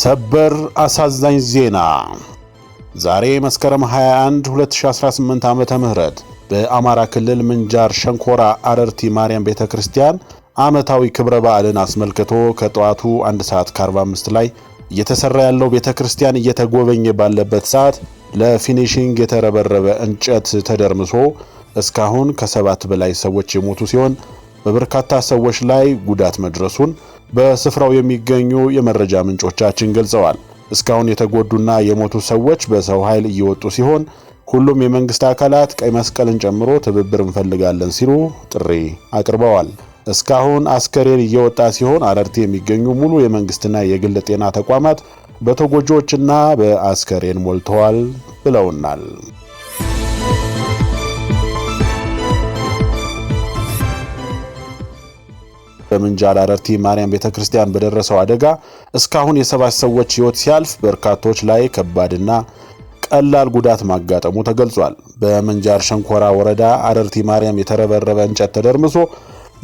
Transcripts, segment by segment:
ሰበር አሳዛኝ ዜና ዛሬ መስከረም 21 2018 ዓመተ ምህረት በአማራ ክልል ምንጃር ሸንኮራ አረርቲ ማርያም ቤተ ክርስቲያን ዓመታዊ ክብረ በዓልን አስመልክቶ ከጠዋቱ 1 ሰዓት 45 ላይ እየተሰራ ያለው ቤተ ክርስቲያን እየተጎበኘ ባለበት ሰዓት ለፊኒሽንግ የተረበረበ እንጨት ተደርምሶ እስካሁን ከሰባት በላይ ሰዎች የሞቱ ሲሆን በበርካታ ሰዎች ላይ ጉዳት መድረሱን በስፍራው የሚገኙ የመረጃ ምንጮቻችን ገልጸዋል። እስካሁን የተጎዱና የሞቱ ሰዎች በሰው ኃይል እየወጡ ሲሆን ሁሉም የመንግስት አካላት ቀይ መስቀልን ጨምሮ ትብብር እንፈልጋለን ሲሉ ጥሪ አቅርበዋል። እስካሁን አስከሬን እየወጣ ሲሆን አረርቲ የሚገኙ ሙሉ የመንግስትና የግል ጤና ተቋማት በተጎጂዎችና በአስከሬን ሞልተዋል ብለውናል። በምንጃር አረርቲ ማርያም ቤተ ክርስቲያን በደረሰው አደጋ እስካሁን የሰባት ሰዎች ሕይወት ሲያልፍ በርካቶች ላይ ከባድና ቀላል ጉዳት ማጋጠሙ ተገልጿል። በምንጃር ሸንኮራ ወረዳ አረርቲ ማርያም የተረበረበ እንጨት ተደርምሶ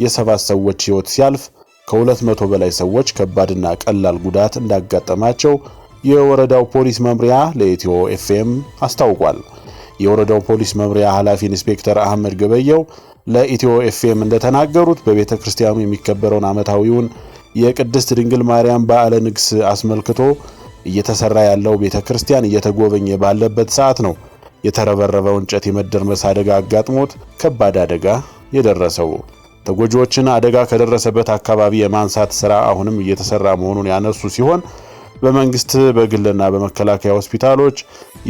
የሰባት ሰዎች ሕይወት ሲያልፍ ከሁለት መቶ በላይ ሰዎች ከባድና ቀላል ጉዳት እንዳጋጠማቸው የወረዳው ፖሊስ መምሪያ ለኢትዮ ኤፍኤም አስታውቋል። የወረዳው ፖሊስ መምሪያ ኃላፊ ኢንስፔክተር አህመድ ገበየው ለኢትዮ ኤፍኤም እንደተናገሩት በቤተ ክርስቲያኑ የሚከበረውን ዓመታዊውን የቅድስት ድንግል ማርያም በዓለ ንግስ አስመልክቶ እየተሰራ ያለው ቤተ ክርስቲያን እየተጎበኘ ባለበት ሰዓት ነው የተረበረበው እንጨት የመደርመስ አደጋ አጋጥሞት ከባድ አደጋ የደረሰው። ተጎጂዎችን አደጋ ከደረሰበት አካባቢ የማንሳት ስራ አሁንም እየተሰራ መሆኑን ያነሱ ሲሆን በመንግስት በግልና በመከላከያ ሆስፒታሎች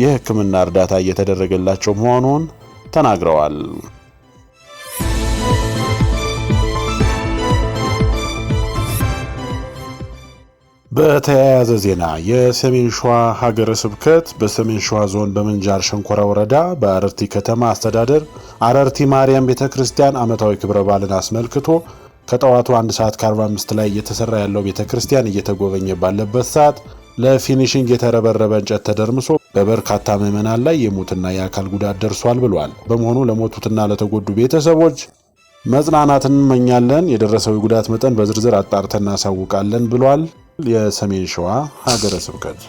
የሕክምና እርዳታ እየተደረገላቸው መሆኑን ተናግረዋል። በተያያዘ ዜና የሰሜን ሸዋ ሀገረ ስብከት በሰሜን ሸዋ ዞን በምንጃር ሸንኮራ ወረዳ በአረርቲ ከተማ አስተዳደር አረርቲ ማርያም ቤተ ክርስቲያን ዓመታዊ ክብረ በዓልን አስመልክቶ ከጠዋቱ 1 ሰዓት ከ45 ላይ እየተሰራ ያለው ቤተ ክርስቲያን እየተጎበኘ ባለበት ሰዓት ለፊኒሽንግ የተረበረበ እንጨት ተደርምሶ በበርካታ ምዕመናን ላይ የሞትና የአካል ጉዳት ደርሷል ብሏል። በመሆኑ ለሞቱትና ለተጎዱ ቤተሰቦች መጽናናትን እንመኛለን። የደረሰው የጉዳት መጠን በዝርዝር አጣርተን እናሳውቃለን ብሏል። የሰሜን ሸዋ ሀገረ ስብከት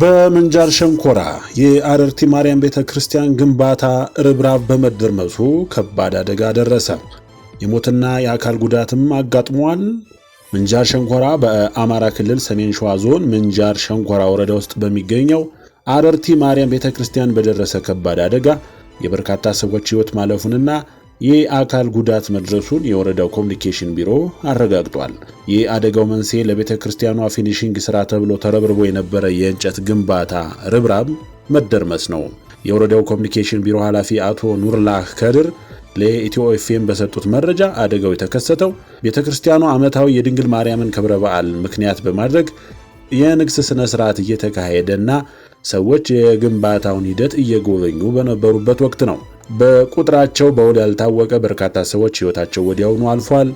በምንጃር ሸንኮራ የአረርቲ ማርያም ቤተ ክርስቲያን ግንባታ ርብራብ በመደርመሱ ከባድ አደጋ ደረሰ። የሞትና የአካል ጉዳትም አጋጥሟል። ምንጃር ሸንኮራ በአማራ ክልል ሰሜን ሸዋ ዞን ምንጃር ሸንኮራ ወረዳ ውስጥ በሚገኘው አረርቲ ማርያም ቤተ ክርስቲያን በደረሰ ከባድ አደጋ የበርካታ ሰዎች ሕይወት ማለፉንና የአካል ጉዳት መድረሱን የወረዳው ኮሚኒኬሽን ቢሮ አረጋግጧል። ይህ አደጋው መንስኤ ለቤተ ክርስቲያኗ ፊኒሽንግ ስራ ተብሎ ተረብርቦ የነበረ የእንጨት ግንባታ ርብራብ መደርመስ ነው። የወረዳው ኮሚኒኬሽን ቢሮ ኃላፊ አቶ ኑርላህ ከድር ለኢትዮ ኤፍኤም በሰጡት መረጃ አደጋው የተከሰተው ቤተ ክርስቲያኗ ዓመታዊ የድንግል ማርያምን ክብረ በዓል ምክንያት በማድረግ የንግስ ስነ ስርዓት እየተካሄደና ሰዎች የግንባታውን ሂደት እየጎበኙ በነበሩበት ወቅት ነው። በቁጥራቸው በውል ያልታወቀ በርካታ ሰዎች ሕይወታቸው ወዲያውኑ አልፏል።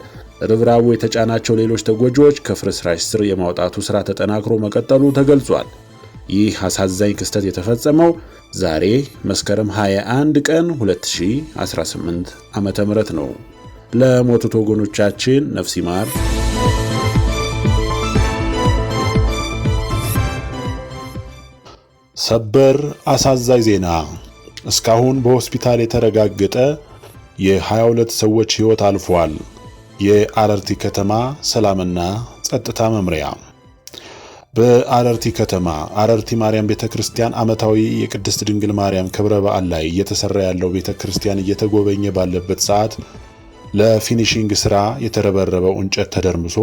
ርብራቡ የተጫናቸው ሌሎች ተጎጂዎች ከፍርስራሽ ስር የማውጣቱ ሥራ ተጠናክሮ መቀጠሉ ተገልጿል። ይህ አሳዛኝ ክስተት የተፈጸመው ዛሬ መስከረም 21 ቀን 2018 ዓ ም ነው። ለሞቱት ወገኖቻችን ነፍስ ይማር። ሰበር አሳዛኝ ዜና እስካሁን በሆስፒታል የተረጋገጠ የ22 ሰዎች ሕይወት አልፏል። የአረርቲ ከተማ ሰላምና ጸጥታ መምሪያ በአረርቲ ከተማ አረርቲ ማርያም ቤተ ክርስቲያን ዓመታዊ የቅድስት ድንግል ማርያም ክብረ በዓል ላይ እየተሰራ ያለው ቤተ ክርስቲያን እየተጎበኘ ባለበት ሰዓት ለፊኒሽንግ ሥራ የተረበረበው እንጨት ተደርምሶ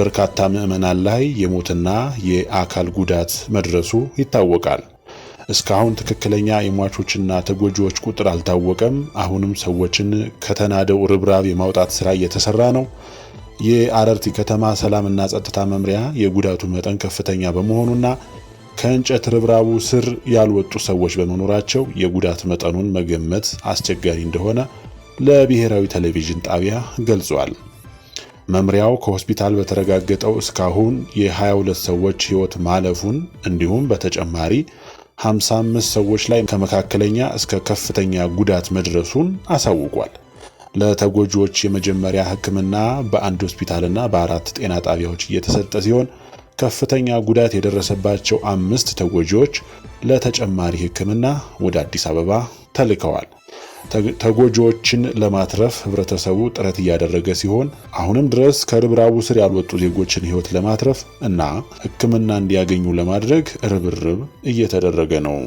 በርካታ ምዕመናን ላይ የሞትና የአካል ጉዳት መድረሱ ይታወቃል። እስካሁን ትክክለኛ የሟቾችና ተጎጂዎች ቁጥር አልታወቀም። አሁንም ሰዎችን ከተናደው ርብራብ የማውጣት ስራ እየተሰራ ነው። የአረርቲ ከተማ ሰላምና ጸጥታ መምሪያ የጉዳቱ መጠን ከፍተኛ በመሆኑና ከእንጨት ርብራቡ ስር ያልወጡ ሰዎች በመኖራቸው የጉዳት መጠኑን መገመት አስቸጋሪ እንደሆነ ለብሔራዊ ቴሌቪዥን ጣቢያ ገልጿል። መምሪያው ከሆስፒታል በተረጋገጠው እስካሁን የ22 ሰዎች ሕይወት ማለፉን እንዲሁም በተጨማሪ 55 ሰዎች ላይ ከመካከለኛ እስከ ከፍተኛ ጉዳት መድረሱን አሳውቋል። ለተጎጂዎች የመጀመሪያ ሕክምና በአንድ ሆስፒታልና በአራት ጤና ጣቢያዎች እየተሰጠ ሲሆን ከፍተኛ ጉዳት የደረሰባቸው አምስት ተጎጂዎች ለተጨማሪ ሕክምና ወደ አዲስ አበባ ተልከዋል። ተጎጂዎችን ለማትረፍ ህብረተሰቡ ጥረት እያደረገ ሲሆን አሁንም ድረስ ከርብራቡ ስር ያልወጡ ዜጎችን ህይወት ለማትረፍ እና ሕክምና እንዲያገኙ ለማድረግ ርብርብ እየተደረገ ነው።